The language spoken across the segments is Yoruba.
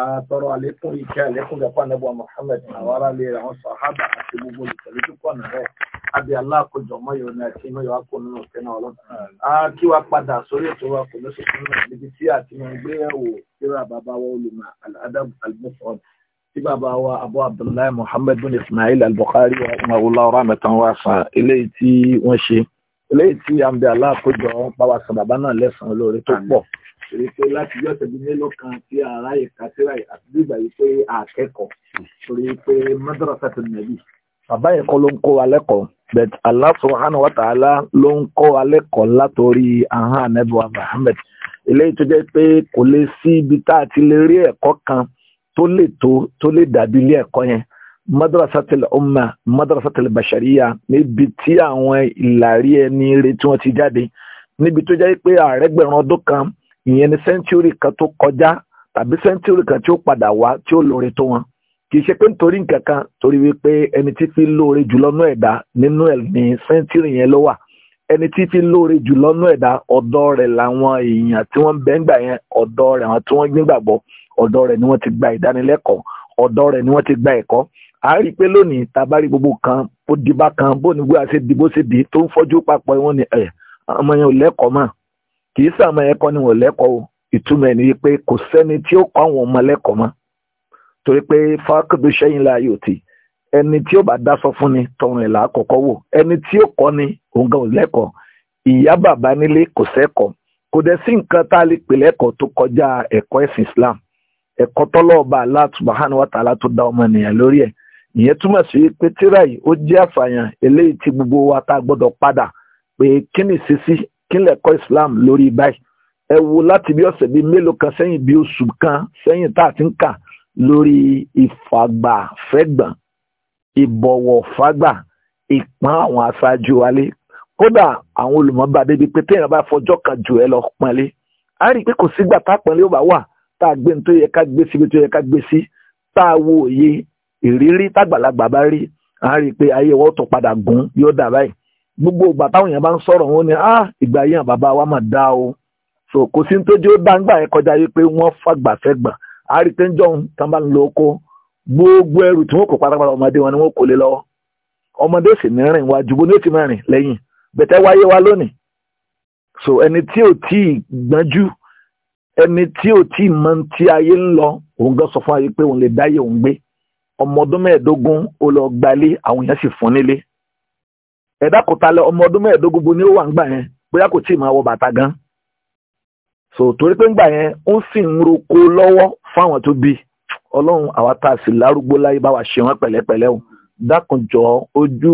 àtọrọ àlékún ìkẹ́ àlékún gẹ̀fà nẹ́bọ̀ Muhammad àwọn ará ilé àwọn sàhábà àti gbogbo olùtẹ̀lé púpọ̀ nàrẹ̀ àbí aláàkójọ mọ́yọ ní àti mọ́yọ akó nínú ìfẹ́ náà ọlọ́dún. kí wa padà sórí ètò wa kò ní sọ̀tún náà níbi tí àti wọn gbé ẹ̀wò síra bàbá wa olùmọ̀ al-adab tí bàbá wa abu abdullahi Muhammad bin Ismail al wa umarula rahmatan wa sa eléyìí tí wọ́n ṣe eléyìí tí àǹbẹ̀ èyí pé láti yọ ọ̀sẹ̀ bíi mélòó kan tí aráyè kásírà àti bíbà yìí pé àkẹ́kọ̀ọ́ torí pé madrasa tó nàbì. bàbá yẹn kọ́ ló ń kó wa lẹ́kọ̀ọ́ but Allah subhanahu wa ta'ala ló ń kó wa lẹ́kọ̀ọ́ látòrí ahọ́n anabiwa Muhammad eléyìí tó jẹ́ pé kò lè sí ibi tá a ti lè rí ẹ̀kọ́ kan tó lè tó tó lè dàbí ilé ẹ̀kọ́ yẹn madrasatil umma madrasatil bashariya níbi tí àwọn ìlàrí ẹni retí wọn ti jáde níbi tó jẹ́ pé àrẹ́gbẹ̀rún ọdún kan ìyẹn ni sẹ́ńtúrì kan tó kọjá tàbí sẹ́ńtúrì kan tí ó padà wá tí ó lóore tó wọn kì í ṣe pé nítorí nǹkan kan torí wípé ẹni tí fi lóore jùlọ nú ẹ̀dá nínú ẹ̀ ní sẹ́ńtúrì yẹn ló wà ẹni tí fi lóore jùlọ nú ẹ̀dá ọ̀dọ́ rẹ̀ làwọn èèyàn tí wọ́n bẹ́ẹ̀ gbà yẹn ọ̀dọ́ rẹ̀ àwọn tí wọ́n gbígbàgbọ́ ọ̀dọ́ rẹ̀ ni wọ́n ti gba ìdánilẹ́kọ̀ọ́ ọ̀dọ́ rẹ̀ ni wọ́n ti gba ẹ̀kọ́ a rí i pé lónìí tabari gbogbo kan ó di bá kan bó ni wíwá ṣe di bó di tó ń fọ́jú papọ̀ wọn ni ẹ̀ ọmọ yẹn ò lẹ́kọ̀ọ́ mọ́ kì í sàmọ́ ẹ̀kọ́ ni wọ́n lẹ́kọ̀ọ́ o ìtumọ̀ ẹ̀ nìyí pé kò sẹ́ni tí ó kọ́ àwọn ọmọ lẹ́kọ̀ọ́ mọ́ torí pé fákòdù sẹ́yìn la yóò ti ẹni tí ó bá dáṣọ fún ni tọrùn ìlà àkọ́kọ́ wò ẹni tí ó kọ́ ni lẹ́kọ̀ọ́ ìyá bàbá nílé kò sẹ́kọ̀ọ́ kò dẹ̀ sí nǹkan tá lẹ́kọ̀ọ́ tó kọjá ẹ̀kọ́ kílẹ̀ kọ́ Islam lórí báyìí ẹ wo láti bí ọ̀sẹ̀ bíi mélòó kan sẹ́yìn bíi oṣù kan sẹ́yìn tá a ti ń kà lórí ìfàgbàfẹ́gbọ̀n ìbọ̀wọ̀ fágbà ìpọ́n àwọn aṣáájú wálé kódà àwọn olùmọ̀ọ́ba débi pé téèyàn bá fọjọ́ kan jù ẹ lọ pọ́nlé a rí i pé kò sígbà tá a pọ́nlé ó bá wà tá a gbé ní tó yẹ ká gbé síbi tó yẹ ká gbé sí tá a wo òye ìrírí tágbàlagbà bá rí a rí i pé ayé wọn tó padà gùn yóò dà báyìí gbogbo ìgbà táwọn èèyàn bá ń sọ̀rọ̀ wọn ni ah ìgbà yẹn bàbá wa mà dá o so kò sí ní tójú gbangba yẹn kọjá yìí pé wọ́n fàgbàfẹ́gbà àrítẹ́njọ́hún tán bá ń lo oko gbogbo ẹrù tí wọ́n kó pátápátá ọmọdé wọn ni wọ́n kó lé lọ́wọ́ ọmọdé sì ní rìn wá ju bó ní ó ti máa rìn lẹ́yìn bẹ̀tẹ̀ wáyé wa lónìí so ẹni tí ò tí ì gbọ́njú ẹni tí ò tí ì mọ tí ayé ń lọ òun gan sọ fún ayé pé òun lè dáyé òun gbé ọmọ ọdún mẹ́ẹ̀ẹ́dógún ó lọ gbalé àwọn èèyàn sì fún nílé ẹ̀dá kò ọmọ ọdún mẹ́ẹ̀ẹ́dógún bo ni ó wà ńgbà yẹn bóyá kò tí ì máa wọ bàtà gan so torí pé ńgbà yẹn ó sì ń roko lọ́wọ́ fáwọn tó ọlọ́run àwa tá a sì lárúgbó láyé bá wa o dákunjọ ojú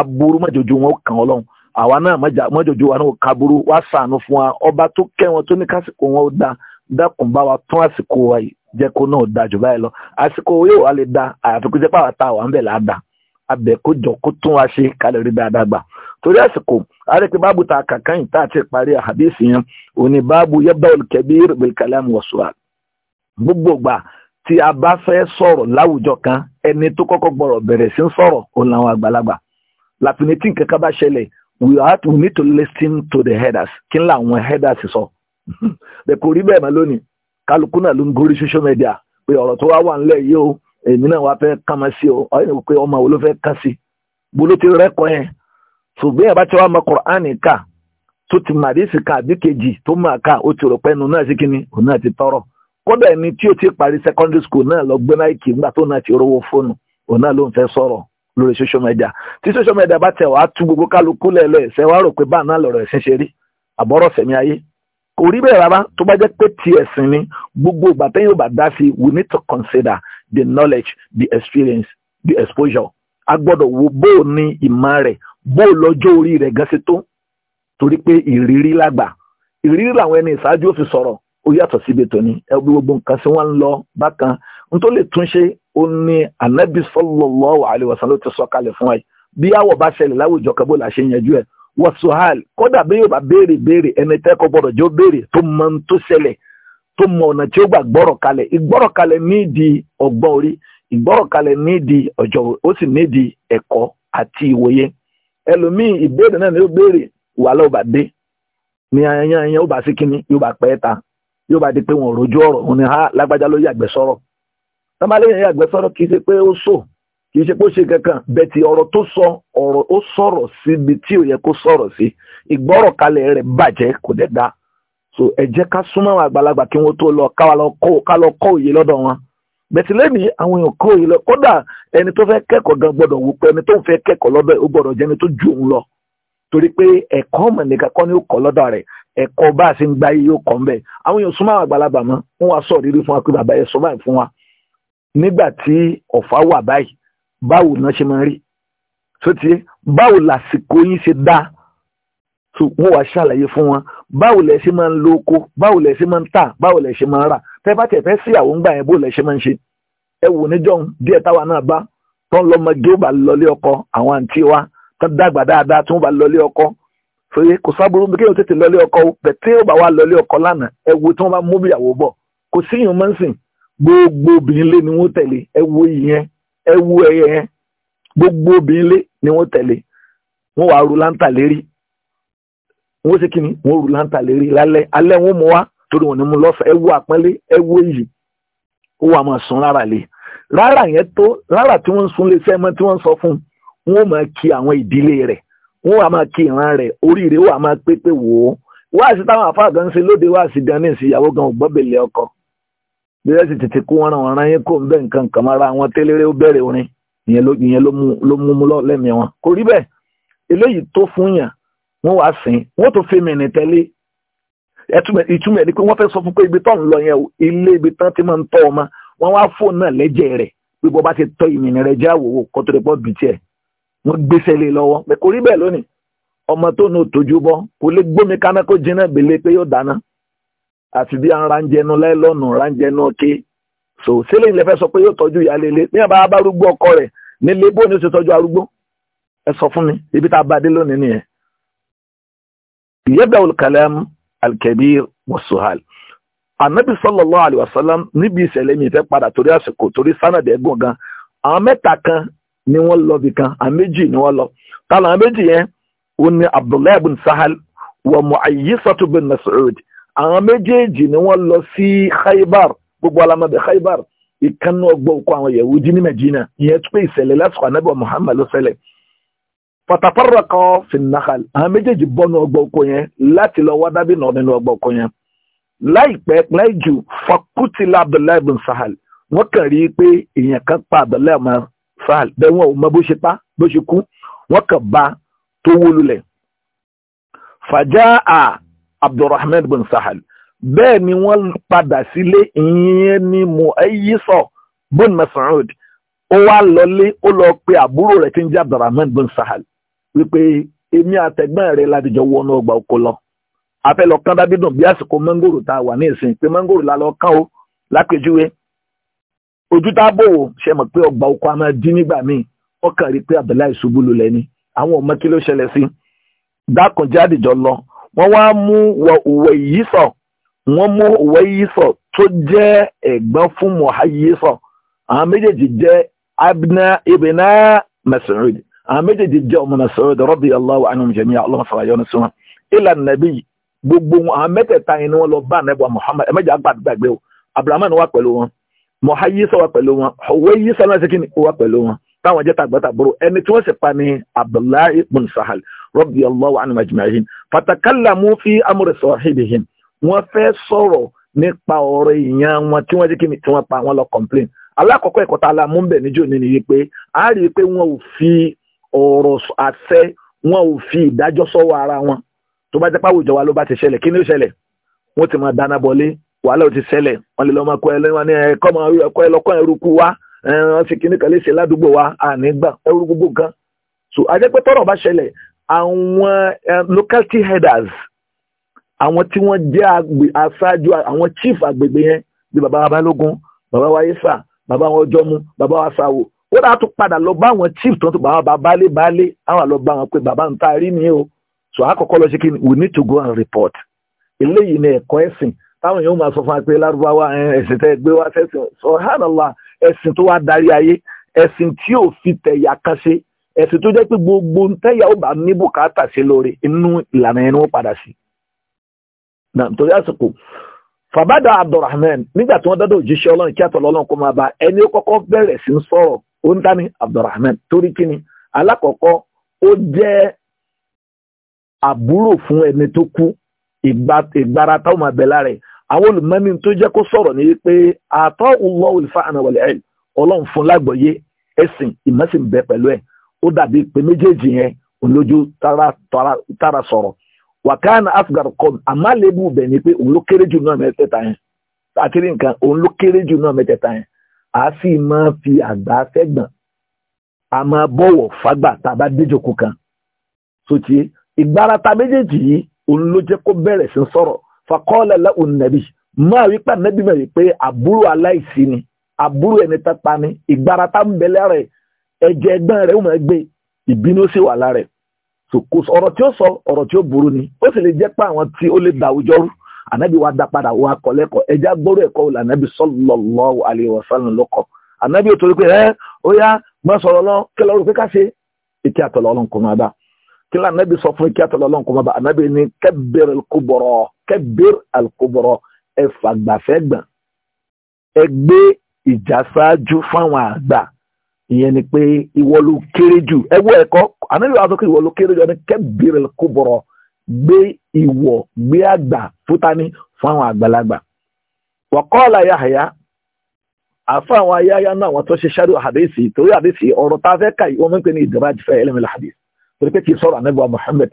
aburú mọ́jọ́jú wọn ó kàn ọlọ́run àwa náà mọ́jọ́jú wa náà ó kaburú wá fún wa ọba tó kẹ́ wọn tó ní kásìkò wọn ó da dákun bá wa tún àsìkò wa jẹ́ da báyìí lọ da. abẹ́kójọ kó tún wá ṣe kálẹ̀ rí dáadáa gbà torí àsìkò àrèké báàbù ta kankan yìí tá a ti parí àhàbíìsì yẹn òní báàbù yabda al-kabir bil-kalam was-su'al gbogbo gbà tí a bá fẹ́ sọ̀rọ̀ láwùjọ kan ẹni tó kọ́kọ́ gbọ́rọ̀ bẹ̀rẹ̀ sí ń sọ̀rọ̀ òun làwọn àgbàlagbà làfìnítì kankan bá ṣẹlẹ̀ we have to need to listen to the headers kí n làwọn headers sọ bẹ́ẹ̀ kò rí bẹ́ẹ̀ mọ́ lónìí kálukú náà ló ń gorí social media pé ọ̀rọ̀ tó wá wà ńlẹ̀ yìí o èmi náà wàá fẹ́ kàmá sí o ọ̀yìn ní pé ọmọ wo ló fẹ́ kà sí bolo ti rẹ́kọ̀ọ́ yẹn ṣùgbọ́n yàrá tí wàá mọ kùránì ká tó ti mà dé sìkà àbí kejì tó mà ká ó ti rò pé nu náà sí kíni òun náà ti tọrọ kódà ẹni tí ó ti parí secondary school náà lọ gbé náà kì í gbà tó náà ti rówó fóònù òun náà ló ń fẹ́ sọ̀rọ̀ lórí social media tí social media bá tẹ̀ wàá tú gbogbo kálukú lẹ́lẹ́ ẹ̀sẹ̀ wàá rò pé báà náà lọ̀rọ̀ ẹ̀sìn ṣe rí àbọ̀rọ̀ sẹ̀mí ayé we need to consider the knowledge the experience the exposure a wo bó o ní ìmọ̀ rẹ̀ bó o lọ́jọ́ orí rẹ̀ gan ṣe tó torí pé ìrírí lágbà ìrírí làwọn ẹni ìṣáájú ò fi sọ̀rọ̀ ó yàtọ̀ síbi tòní ẹbí gbogbo nǹkan sí wọn ń lọ bákan n tó lè túnṣe ó ní anabi sallallahu alaihi wasallam ló ti sọ kalẹ̀ fún wa yìí bí àwọ̀ bá ṣẹlẹ̀ láwùjọ kan bó ṣe yanjú ẹ̀ wọ́n hàl kódà bí yóò bá béèrè béèrè ẹni tẹ́kọ̀ọ́ gbọ́dọ̀ jẹ́ béèrè tó mọ tó ṣẹlẹ̀ tó mọ ọ̀nà tí ó gbà gbọ́rọ̀kalẹ̀ ìgbọ́rọ̀kalẹ̀ nídìí ọgbọ́n orí ìgbọ́rọ̀kalẹ̀ nídìí ọjọ́ ó sì nídìí ẹ̀kọ́ àti ìwòye ẹlòmíì ìbéèrè náà ni ó béèrè wà lọ́ọ́ dé ní ayan ayan ó bá sí kínní yóò bá pẹ́ ta yóò bá di pé wọn ò rojú ọ̀rọ̀ ni lágbájá ló yàgbẹ́ sọ̀rọ̀ tọ́mọlẹ́yìn yàgbẹ́ sọ̀rọ̀ kì í ṣe pé ó sò kì í pé ó ṣe kankan bẹ́ẹ̀ ti tó sọ ọ̀rọ̀ ó sọ̀rọ̀ síbi tí ò yẹ kó sọ̀rọ̀ sí ìgbọ́rọ̀kalẹ̀ rẹ̀ bàjẹ́ kò dẹ̀ dáa so ẹ jẹ́ ká súnmọ́ àwọn àgbàlagbà kí wọ́n tó lọ ká lọ kọ́ òye lọ́dọ̀ wọn bẹ̀tì lẹ́nu àwọn èèyàn kọ́ òye lọ kódà ẹni tó fẹ́ kẹ́kọ̀ọ́ gan gbọ́dọ̀ wò pé ẹni tó ń fẹ́ kẹ́kọ̀ọ́ lọ́dọ̀ ó gbọ́dọ̀ jẹ́ni tó ju òun lọ torí pé ẹ̀kọ́ ọmọ nìkan kọ́ ni ó kọ́ lọ́dọ̀ rẹ̀ ẹ̀kọ́ bá a ṣe ń gba iye ó kọ́ ń àwọn èèyàn súnmọ́ àwọn àgbàlagbà mọ́ wọ́n wá sọ rírí fún wa pé bàbá yẹn sọ báyìí fún wa nígbà tí ọ̀fà wà báyìí báwo náà ṣe máa rí sótìyé báwo làsìkò wọ́n wá ṣàlàyé fún wọn báwo lẹ ṣe máa ń lo oko báwo lẹ ṣe máa ń tà báwo lẹ ṣe máa ń rà tẹ́ bá tẹ̀fẹ́ sí àwọn ńgbà yẹn bó lẹ ṣe máa ń ṣe ẹ wò níjọ́ díẹ̀ táwa náà bá tó ń lọ́mọ gé bá lọlé ọkọ àwọn àǹtí wa tó dàgbà dáadáa tó ń bá lọlé ọkọ fèrè kò sábúrú bí kéèyàn tètè lọlé ọkọ bẹ̀tẹ́ ó bá wà lọlé ọkọ lánàá ẹ wo tí wọ́n bá láǹtà lérí wọ́n ṣe kíni wọ́n rù láǹtà lérí lálẹ́ alẹ́ wọn mú wá torí wọn ni mú lọ́fẹ̀ẹ́ ẹ wo àpọ́nlé ẹ wo iyì ó wà máa sun rárá lé rárá yẹn tó rárá tí wọ́n ń sun léṣẹ́ mọ́ tí wọ́n ń sọ fún un wọ́n máa kí àwọn ìdílé rẹ̀ wọ́n wà máa kí ìran rẹ̀ oríire wà máa pé pé wò ó wáàsí táwọn àfáà gan ṣe lóde wáàsí gan ní ìsìyàwó gan ò gbọ́bẹ̀lẹ̀ ọkọ bẹ́ẹ̀ sì tètè kó wọn ràn yín kó ń bẹ́ nǹkan kan mara àwọn téléré ó bẹ̀rẹ̀ orin ìyẹn ló mú mú lẹ́mìí wọn kò rí bẹ́ẹ̀ eléyìí tó fún yàn wọ́n wá sìn wọ́n tó fèmí ní tẹ́lẹ̀ ìtumọ̀ ẹ̀ ni pé wọ́n fẹ́ sọ fún pé ibi tó ń lọ yẹn o ilé ibi tán ti máa ń tọ́ ọmọ wọ́n wá fóònù náà lẹ́jẹ̀ rẹ̀ pé bọ́ bá ti tọ́ ìmìnì rẹ̀ já wòwò kó tó lè pọ̀ bìtì ẹ̀ wọ́n gbéṣẹ́ lé lọ́wọ́ pé kò rí bẹ́ẹ̀ lónìí ọmọ tó ní òtòjú bọ́ kò lè gbómi kaná kó jiná gbélé pé yóò dáná àfi bí ara ń jẹnu so sílẹ̀ ilẹ̀ fẹ́ sọ pé yóò tọ́jú ìyá lélẹ̀ ní ni ó ti tọ́jú arúgbó ẹ sọ fún mi ibi tá a bá dé lónìí nìyẹn yẹ́dà olùkàlẹ́m alkebir wasuhal anabi sallallahu alayhi wa sallam níbi ìṣẹ̀lẹ̀ mi ìfẹ́ padà torí àsìkò torí sanadi ẹ̀gbọ́n gan àwọn mẹ́ta kan ni wọ́n lọ bí kan àwọn méjì ni wọ́n lọ tààlà àwọn méjì yẹn wọ́n ní abdullahi bin sahal wa mu'ayyisatu bin mas'ud àwọn méjèèjì ni wọ́n lọ sí khaybar gbogbo alamọ̀bẹ̀ khaybar ìkànnì ọgbọ́n kọ àwọn yahudi ní medina ìyẹn tún pé ìṣẹ̀lẹ̀ lásìkò anabi muhammad ló ṣẹlẹ̀ fatafaraka finnahal àwọn méjèèjì bọ́nu ọgbà oko yẹn láti lọ wá dábìnà nínú ọgbà oko yẹn láìpẹ́ láì jù fakutila abdullahi bin sahal wọ́n kàn rí i pé èèyàn kan pa abdullahi bin sahal bẹ́ẹ̀ wọn ò mọ bó ṣe pa bó ṣe kú wọ́n kàn bá tó wó lulẹ̀ fàjá a abdulrahman bin sahal bẹ́ẹ̀ ni wọ́n padà sílé ìyẹn ni muayyisa bin mas'ud ó wá lọlé ó lọ pe àbúrò rẹ̀ tí ń jẹ́ abdulrahman bin sahal wípé èmi àtẹ̀gbọ́n rẹ̀ láti jọ wọnú ọgbà oko lọ afẹ́ lọ kán dábídùn bí àsìkò mọ́ngòrò tá a wà ní ìsìn pé mọ́ngòrò la lọ kán o lápèjúwe ojú tá a bò wò ṣe mọ̀ pé ọgbà oko a máa dín nígbà míì ọkàn rí pé Abdullahi ṣubú lulẹ̀ ni àwọn ọmọ kí ló ṣẹlẹ̀ sí dákùnjáde jọ lọ wọ́n wá mú òwe yìí sọ wọ́n mú òwe yìí sọ tó jẹ́ ẹ̀gbọ́n fún mọ̀háyé sọ àwọn méjèèjì jẹ́ abna ibina Mas'ud àwọn méjèèjì jẹ́ ọmọ Mas'ud radiyallahu anhum jami'an Allah fara yọ́nú sí wọn ila nàbí gbogbo wọn àwọn mẹ́tẹ̀ẹ̀ta yìí ni wọ́n lọ bá nẹ́bọ̀ Muhammad ẹ̀mẹ́jẹ̀ agbàgbé o Abdurrahman wà pẹ̀lú wọn Muhayyisa wà pẹ̀lú wọn Huwayisa náà sẹ́kìn wà pẹ̀lú wọn táwọn jẹ́ tàgbàtàbúrò ẹni tí wọ́n sì pa ní Abdullahi ibn Sahal radiyallahu anhum ajma'in fatakallamu fi amri sahibihim wọ́n fẹ́ ọ̀rọ̀ àṣẹ wọn ò fi ìdájọ́ sọ́wọ́ ara wọn tó bá jẹ́ pé àwùjọ wa ló bá ti ṣẹlẹ̀ kí ni ó ṣẹlẹ̀ wọ́n ti máa dáná bọlé wàhálà ò ti ṣẹlẹ̀ wọ́n lè lọ́ máa kọ́ ẹ lẹ́wọ̀n ní ẹ̀kọ́ máa ẹ̀kọ́ ẹ lọ́kọ́ ẹrúkú wa wọ́n ti kíní kan lè ṣe ládùúgbò wa àní gbà ẹrú so ajẹ́ pé tọ́rọ̀ bá ṣẹlẹ̀ àwọn locality headers àwọn tí wọ́n jẹ́ aṣáájú àwọn chief àgbègbè yẹn bí baba wa balógun baba wa ifá baba wa ọjọ́mu baba wa sawo ó dáa tó padà lọ bá àwọn chief tó ń tó bá wọn bá baálé baálé àwọn pé bàbá ń ta rí o so àkọ́kọ́ lọ sí we need to go and report eléyìí ni ẹ̀kọ́ ẹ̀sìn táwọn èèyàn máa sọ fún wa pé lárúbáwá ẹ̀sìn tẹ́ gbé wá sẹ́sìn ẹ̀sìn tó wá darí ayé fi tẹ̀yà kan ṣe ẹ̀sìn tó gbogbo tẹ́yà ó bá ní bùkátà sí inú ó ń tani abdulrahman torí kíni alákọ̀ọ́kọ́ ó jẹ́ àbúrò fún ẹni tó kú ìgbára táwọn máa bẹ̀ lára ẹ̀ àwọn olùmọ́ni tó jẹ́ kó sọ̀rọ̀ ní pé àtọ́ ọlọ́ olùfà ànàwọ̀lẹ̀ ẹ̀ ọlọ́run fún lágbọ̀ọ́yé ẹ̀sìn ìmọ̀sìn bẹ pẹ̀lú ẹ̀ ó dàbí pé méjèèjì yẹn olójú tara sọ̀rọ̀ wàkàna asgar kọ́m àmàlẹ́bù bẹ̀ ni pé òun ló kéré jù náà mẹ́tẹ̀ẹ̀ta yẹn àkíní nǹkan òun ló kéré jù náà mẹ́tẹ̀ẹ̀ta yẹn a sì máa fi àgbà fẹ́gbọ̀n a máa bọ̀wọ̀ fágbà tá a bá déjòkó kan sotí ìgbárata méjèèjì yìí òun ló jẹ́ kó bẹ̀rẹ̀ sí sọ̀rọ̀ fakọ́ọ̀lẹ̀ lẹ́hùn nàbì máa wí pé nàbì mẹ́rin pé àbúrò aláìsí ni àbúrò ẹni tẹ́pa ni ìgbárata ń bẹ lára ẹ̀jẹ̀ ẹgbẹ́ rẹ̀ ó gbé ìbínú sì wà lára ọ̀rọ̀ tí ó sọ ọ̀rọ̀ tí ó burú ni ó sì lè jẹ́ pé àwọn tí ó lè dàwùjọ́rú ànábì wa dá padà wa kọ́ lẹ́kọ̀ọ́ ẹja gbọ́rọ̀ ẹ̀kọ́ wòlò ànábì sallallahu alaihi wasallam lọ́kọ̀ ànábì ò torí pé ẹ ó yá má sọ̀rọ̀ lọ kí lọ́rùn pé ká ṣe ìkí àtọ̀lọ́ ọlọ́nkùnrin àbá kí lọ́ ànábì sọ fún ìkí àtọ̀lọ́ ọlọ́nkùnrin àbá ànábì ní kabbir al-kubra kabbir al-kubra ẹ fàgbàfẹ́ gbọ̀n ẹ gbé ìjà ṣáájú fáwọn àgbà ìyẹn ni pé ìwọ ló kéré jù ẹwọ ẹ̀kọ́ ànábì wa sọ pé ìwọ ló kéré jù ẹni kabbir al-kubra gbé ìwọ gbé àgbà fúta ní fún àwọn àgbàlagbà wàkọ́ọ̀lá yahaya àfa àwọn ayáyá náà wọn tó ṣe ṣáàdù àdéhìsì torí àdéhìsì ọ̀rọ̀ tá a fẹ́ kà yìí wọ́n ń pè ní ìdírájì fẹ́ ẹlẹ́mìlá àdéhìsì torí pé kì í sọ̀rọ̀ anábọ̀ Muhammad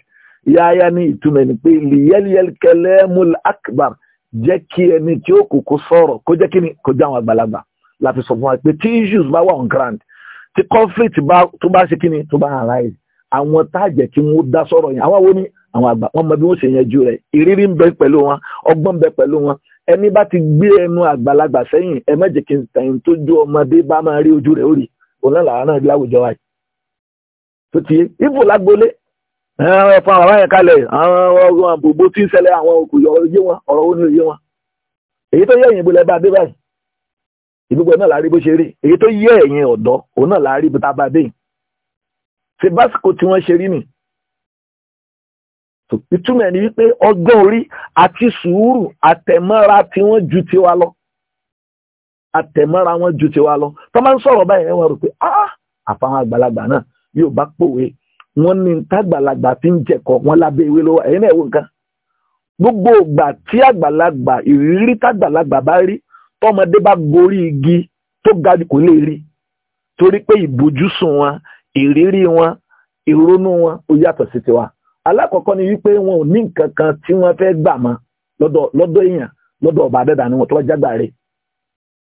yáyá ní ìtumọ̀ ni pé lìyẹ́lìyẹ́l kẹlẹ́mùl akbar jẹ́ kí ẹni tí ó kókó sọ̀rọ̀ kó jẹ́ kí ni kó jẹ́ àwọn àgbàlagbà láti sọ fún wa pé tí àwọn àgbà wọn mọ bí wọn ṣe yanjú rẹ̀ ìrírí ń bẹ pẹ̀lú wọn ọgbọ́n ń bẹ pẹ̀lú wọn ẹni bá ti gbé ẹnu àgbàlagbà sẹ́yìn ẹ má jẹ́ kí n tẹ̀yìn tó ju ọmọdé bá máa rí ojú rẹ̀ ó rí òun náà làwọn náà láwùjọ wa yìí tó ti yé ibo lágbólé àwọn ẹ̀fọn àwọn yẹn kalẹ̀ àwọn ọgbọ́n àbòbó tí ń ṣẹlẹ̀ àwọn òkùyọ̀ yé wọn ọ̀rọ̀ ó ní òye wọn èyí tó yẹ ìyìnbó lẹ́ bá dé báyìí ìgbogbo náà láàrí bó ṣe rí èyí tó yẹ ẹ̀yìn ọ̀dọ́ òun náà láàrí bó ta bá dé yìí ṣe básìkò tí wọ́n ṣe rí nìyí ìtumọ̀ ẹni wípé ọgbọ́n orí àti sùúrù àtẹ̀mọ́ra tí wọ́n ju wa lọ àtẹ̀mọ́ra wọn ju tiwa lọ tó máa ń sọ̀rọ̀ báyìí wọ́n rò pé ah àfahàn àgbàlagbà náà yóò bá pòwe wọ́n ní tágbàlagbà fi ń jẹ̀kọ̀ wọn lábẹ́ ìwé lọ́wọ́ ẹ̀yin náà wò nǹkan gbogbo ìgbà tí àgbàlagbà ìrírí tágbàlagbà bá rí tọmọdé bá gorí igi tó ga kò lè rí torí pé ìbòjúsùn wọn ìrírí wọn ìrònú wọn ó yàtọ̀ sí tiwa alákọ̀ọ́kọ́ ni wípé wọn ò ní nǹkan kan tí wọ́n fẹ́ gbà mọ́ lọ́dọ̀ èèyàn lọ́dọ̀ ọba abẹ́dà ni wọn tó bá jágbà rẹ̀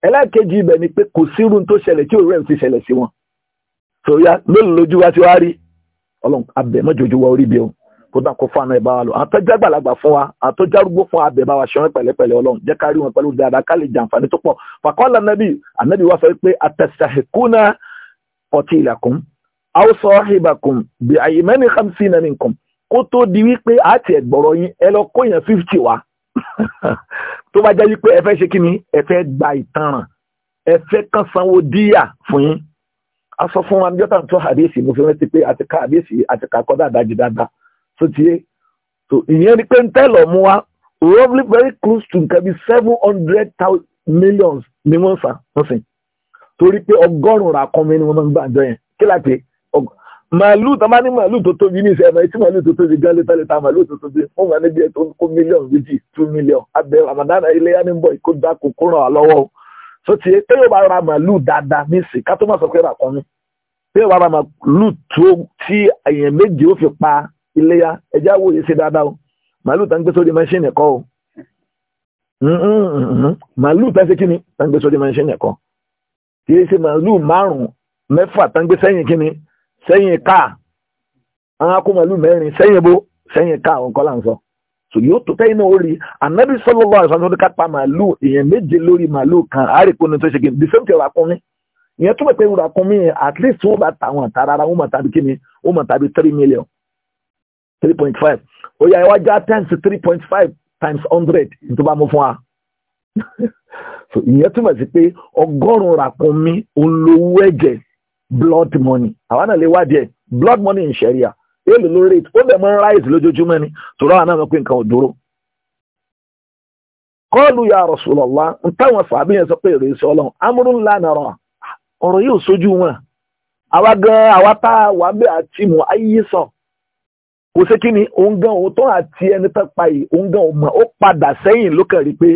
ẹlẹ́ẹ̀kejì ibẹ̀ ni pé kò sírun tó ṣẹlẹ̀ tí òwúrẹ̀ ti ṣẹlẹ̀ sí wọn sòyà lónìí lójú wa ti wá rí ọlọ́run abẹ́mọ́jọ́jú wa orí bí o kó dà kó fáànà ìbá wa lọ àwọn tó jágbàlagbà fún wa àwọn kó tó di wípé àti ẹ̀gbọ̀rọ̀ yín ẹ lọ kó yẹn fifty wá tó bá jẹ́ wípé ẹ fẹ́ ṣe kí ni ẹ fẹ́ gba ìtanràn ẹ fẹ́ kàn sanwó díyà fún yín a sọ fún wa níjọ́ tàǹtọ́ àbíyèsí mo fi rántí pé àti ká àbíyèsí àti ká kọ́ dáadáa jù dáadáa tó ti yé so ìyẹn ni pé ń tẹ́lọ̀ mú wa roughly very close to nǹkan bí seven hundred thousand millions ni wọ́n sàn wọ́n sìn torí pé ọgọ́rùn-ún ràkúnmí ni wọ́n máa ń gbà jọ yẹn kí láti màálù tó bá ní màálù tó tóbi ní ìṣẹ̀mọ̀ etí màálù tó tóbi gan létà létà màálù tó tóbi wọ́n wà níbi ètò kó mílíọ̀nù méjì two million abẹ àmàdánà iléyà ní bọ̀ kó dá kó ràn án lọ́wọ́ o so ti yé téyò bá ra màálù dáadáa ní ìsìn ká tó má sọ pé rà kan ní téyò bá ra màálù tó tí èèyàn méjì ó fi pa iléyà ẹjẹ́ àwò yìí ṣe dáadáa o màálù tó ń gbé sórí mẹ́ṣíìnì kọ́ o mm-hmm, mm-hmm. màálù tó ń ṣe kíni sẹ́yìn káà àwọn akómọ̀lú mẹ́rin sẹ́yìn bó sẹ́yìn káà òun kọ́lá ń sọ so yóò tó tẹ́yìn náà ó rí anabi sallallahu alaihi wasallam kápá màálù èèyàn méje lórí màálù kan àárẹ̀kọ́ni tó ṣe kí n the same thing ràkúnmí ìyẹn tó pẹ̀pẹ́ ràkúnmí at least wọ́n bá ta àwọn àtàrà ara wọ́n mọ̀ tàbí kí ni wọ́n mọ̀ tàbí three million three point five ó yá iwájú times three point five times hundred tó bá mú fún wa so ìyẹn túmọ̀ sí pé ọgọ́rùn-ún ràkúnmí òun lówó ẹ̀jẹ̀ blood money àwọn náà lè wádìí ẹ̀ blood money in sharia èlò ló rate ó bẹ̀ mọ́ rise lójoojúmọ́ ni tòrọ àwọn náà pé nǹkan ò dúró. kọ́ọ̀lù ya Rasulullah ń táwọn sàbí yẹn sọ pé èrè sí ọlọ́run amúrú ńlá nàrọ̀ ọ̀rọ̀ yóò sójú wọn àwa gan àwa tá a wà bẹ́ẹ̀ àti mọ̀ ayé sọ kò sí kí ni òun gan òun tó àti ẹni tó pa yìí òun gan òun mọ̀ ó padà sẹ́yìn ló rí pé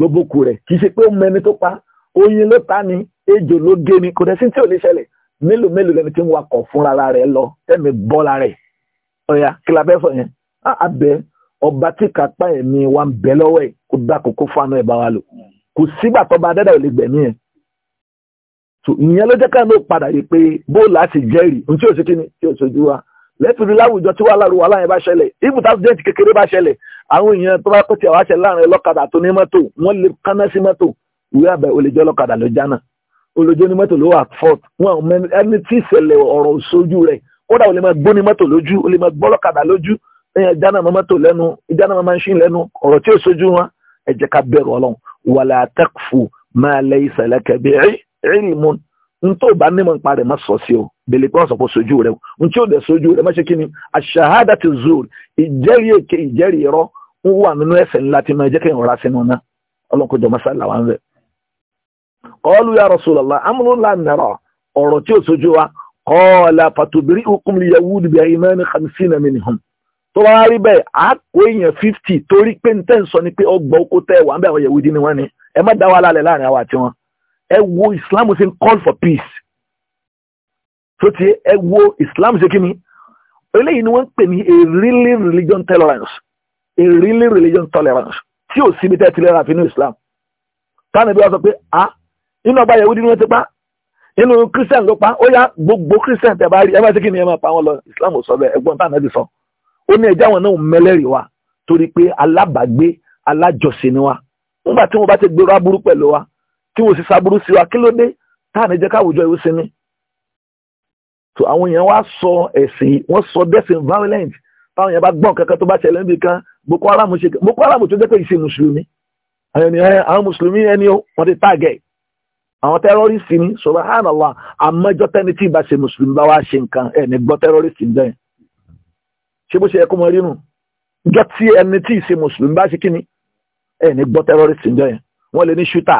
lóbókù rẹ̀ kì í ṣe pé ó mọ tó pa oyin ló ta ni ejò ló gé ni kò dẹ̀ sí tí ò ní ṣẹlẹ̀ mélòó mélòó lẹni tí ń wakọ̀ fúnra rẹ̀ lọ tẹ́mi bọ́ la rẹ̀ ọ̀yà kìlà bẹ́ẹ̀ sọ yẹn á abẹ ọba tí kápá ẹ̀mí wa ń bẹ lọ́wọ́ ẹ̀ kó dá kókó fáná ẹ̀ bá wa lò kò sígbà tọba adẹ́dà ò lè gbẹ̀mí ẹ̀ so ìyẹn ló jẹ́ káyọ̀ ló padà yìí pé bóòlù àti jẹ́rìí ní tí ò sí kíni tí ò sójú wa lẹ́tùrí láwùjọ tí wàá láruwà láyẹn bá ṣẹlẹ̀ ibù tá jẹ́ǹtì kékeré bá ṣẹlẹ̀ àwọn èèyàn tó bá kó tiẹ̀ wá ṣẹlẹ̀ láàrin ọlọ́kadà tó ní mọ́tò wọ́n lè kánná sí mọ́tò ìwé àbẹ̀ olè jẹ́ ọlọ́kadà ló náà olójó ní mọ́tò ló wà fọ́t wọn mẹ́ni ẹni tí ìṣẹ̀lẹ̀ ọ̀rọ̀ sójú rẹ̀ kódà ó lè máa gbóni mọ́tò lójú ó lè máa gbọ́lọ́kadà lójú ẹ̀yìn ìjáná mọ́ mọ́tò lẹ́nu ìjáná mọ́ machine lẹ́nu ọ̀rọ̀ tí ó sójú wọn ẹ jẹ́ ká bẹ̀rù ọlọ́run wàlà àtẹ́kùfù máa lẹ ìṣẹ̀lẹ̀ kẹbi ìlmù n tó bá nímọ̀ nípa rẹ̀ má sọ sí o bèlè pé wọ́n sọ pé sójú rẹ̀ n tí ó dẹ̀ sójú rẹ̀ má ṣe kí ni àṣàhádà ti zòr ìjẹ́rìí èké ìjẹ́rìí irọ́ ń wà nínú ẹ̀ṣẹ̀ ńlá tí máa jẹ́ kéèyàn rà sínú náà ọlọ́run kò ń bẹ̀. قالوا يا رسول الله أمر nàrà ọ̀rọ̀ tí ó قال فتبرئكم اليهود pàtòbírí خمسين منهم yẹwú níbi àyìnbá ní hamsina minhum tó wá rí bẹ́ẹ̀ á kó èèyàn fifty torí pé n tẹ́ ń sọ ni pé ọgbà oko tẹ́ wà ń bẹ àwọn Yahudi ni wọ́n ni ẹ má dá wa lálẹ́ láàrin àwa àti wọn ẹ wo Islam ṣe ń call for peace tó ti ẹ wo Islam ṣe kí ni eléyìí ni wọ́n ń pè ní a really religion tolerance a really religion tolerance tí ò síbi tẹ́ ti lẹ́ra fi Islam táwọn ẹbí wa sọ pé ah nínú ọgbà yẹ̀wò nínú ti pa nínú christian ló pa ó yá gbogbo christian tẹ̀ bá rí ẹ bá ṣe kí ni ẹ máa pa wọn lọ islam ò sọ bẹ́ẹ̀ ẹgbọ́n tá ànábì sọ ó ní ẹjẹ́ àwọn náà mẹlẹ́rìí wa torí pé alábàágbé alájọsìn ni wa nígbà tí wọn bá ti gbèrò aburú pẹ̀lú wa tí wọn sì saburú sí wa kí ló dé tá à ní jẹ́ káwùjọ ìwé sinmi so àwọn èèyàn wá sọ ẹ̀sìn wọ́n sọ dẹ́sìn violent táwọn èèyàn bá gbọ́n kankan tó bá ṣẹlẹ̀ níbi kan boko haram ṣe boko haram tó jẹ́ pé ìṣe mùsùlùmí àwọn mùsùlùmí ẹni ó wọ́n ti tààgẹ̀ àwọn tẹ́rọ́rìsì ní subhanallah àmọ́jọ́ tẹ́ni tí ìbá ṣe mùsùlùmí bá wá ṣe nǹkan ẹni gbọ́ tẹ́rọ́rìsì bẹ́ẹ̀ ṣé bó ṣe yẹ kó mọ rírun jọ tí ẹni tí ìṣe mùsùlùmí bá ṣe kíni ẹni gbọ́ tẹ́rọ́rìsì bẹ́ẹ̀ wọ́n lè ní ṣútà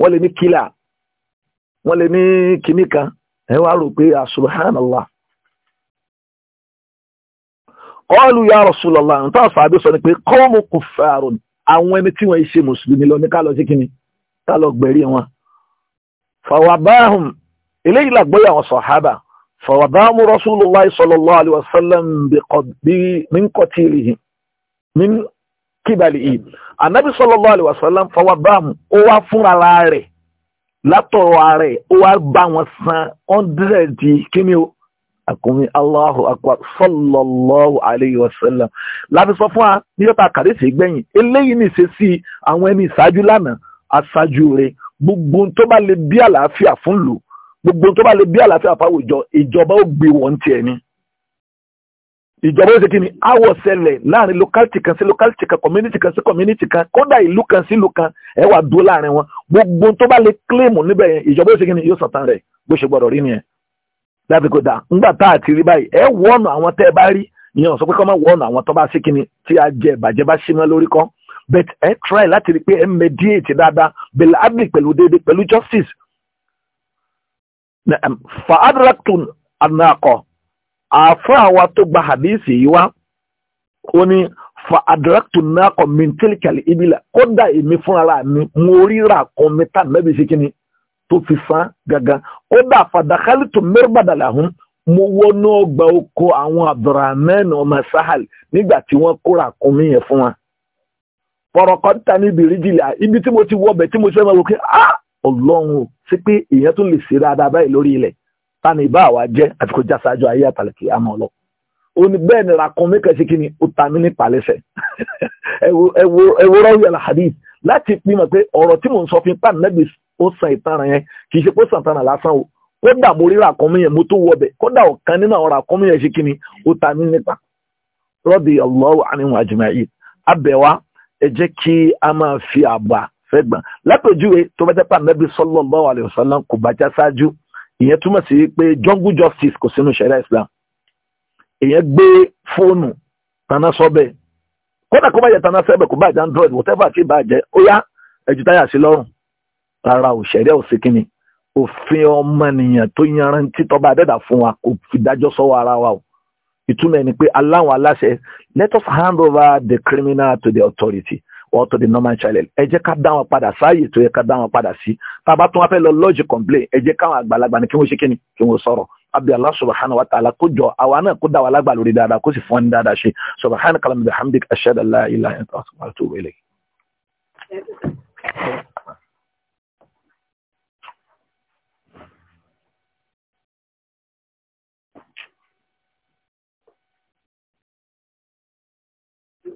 wọ́n lè ní kílà wọ́n lè ní kíní kan ẹ wá rò pé ah, subhanallah. qalu ya rasulallah nǹkan fàwàbáhùn eléyìí làgbóyè awon sọ̀hábà fàwàbáhùn rasulullah sallallahu alayhi wa sallam bí mínkọtíìlìhìn ní anabi sallallahu alayhi wa sallam fàwàbáhùn ó wá fúnra ó wá bá wọn san ọ́ndẹ́rẹ́dì kíni o Allahu akbar sallallahu alayhi láti sọ fún wa gbogbo tó bá lè bí àlàáfíà fún lò gbogbo tó bá lè bí àlàáfíà fáwọn ìjọ ìjọba ó gbé wọn tiẹ̀ ni ìjọba ó ṣe kí ni láàrin locality kan sí locality kan community kan sí community kan kódà ìlú kan sí ìlú kan ẹ wà dúró láàrin wọn gbogbo tó bá lè claim níbẹ̀ yẹn ìjọba ó ṣe kí ni yóò sọ̀tàn bó ṣe rí nìyẹn láti kó dà ńgbà ni tí but ẹ try láti rí pé ẹ mediate dáadáa bẹ̀lẹ̀ adli pẹ̀lú déédéé pẹ̀lú justice. fa adratun anakọ àáfàá wa tó gba hadisi yìí wá ó ní fa adratun nakọ mintilikali ibila kódà èmi fúnra mi mo ríra kan mi tá nàbí ṣe kí ni tó fi san gangan kódà fàdákàlì tó mẹ́rìndàlá hùn mo wọnú ọgbà oko àwọn abdulrahman ọmọ sahal nígbà tí wọ́n kóra kún mí yẹn fún wa pọ̀rọ̀kọ́ níta níbi ìríjìlá ibi tí mo ti wọ ọbẹ̀ tí mo ti fẹ́ máa wò pé ah ọlọ́run o sí pé èèyàn tún lè ṣe dáadáa báyìí lórí ilẹ̀ tani ìbá àwa jẹ́ àti kò já sáájú ayé àtàlẹ́kì àmọ́ ọlọ́ o ní bẹ́ẹ̀ ni rakun mi kẹ́sí kí ni o ta mi ní palẹ́sẹ̀ ẹ wo rọ́ọ̀yà hadith láti pín mọ̀ pé ọ̀rọ̀ tí mò ń sọ fi pàdé nẹ́bí ó san ìtanràn yẹn kì í ṣe pé sàn lásán o kódà mo rí rakun mi yẹn mo tó wọ kódà ọ̀kan nínú àwọn rakun mi yẹn ṣe kí ni o ta mi nípa rọ́bì Allahu anhum ajma'in abẹ́wá ẹ jẹ́ kí a máa fi àbà fẹ́ gbọ̀n lápèjúwe tó bá dẹ́pà nẹ́bí sallallahu alaihi wasallam kò bá já ṣáájú ìyẹn túmọ̀ sí pé jungle justice kò sínú ṣẹ̀ríà Islam èyàn gbé fóònù tàná sọ́bẹ̀ kódà kó bá jẹ́ tàná sẹ́bẹ̀ kó bá jẹ́ android whatever ti bá jẹ́ ó yá ẹ̀jú táyà sí lọ́rùn rárá ò ṣẹ̀ríà ò sí kínni òfin ọmọnìyàn tó yanrantí tọ́ba adẹ́dà fún wa kò fi dájọ́ sọ́wọ́ ara wa o ìtumọ̀ ni pé aláwọn aláṣẹ let us hand over the criminal to the authority or to the normal channel ẹ jẹ́ ká dá wọn padà sáàyè tó yẹ ká dá wọn padà sí tá a bá tún wá fẹ́ lọ lọ́ọ̀jì complain ẹ jẹ́ káwọn àgbàlagbà ni kí wọ́n ṣe kí ni kí wọ́n sọ̀rọ̀ abi Allah subhanahu wa ta'ala kó jọ àwa náà kó dá wa lágbà lórí dáadáa kó sì fún wọn ní dáadáa ṣe subhanaka allahumma bihamdik ashhadu illa anta astaghfiruka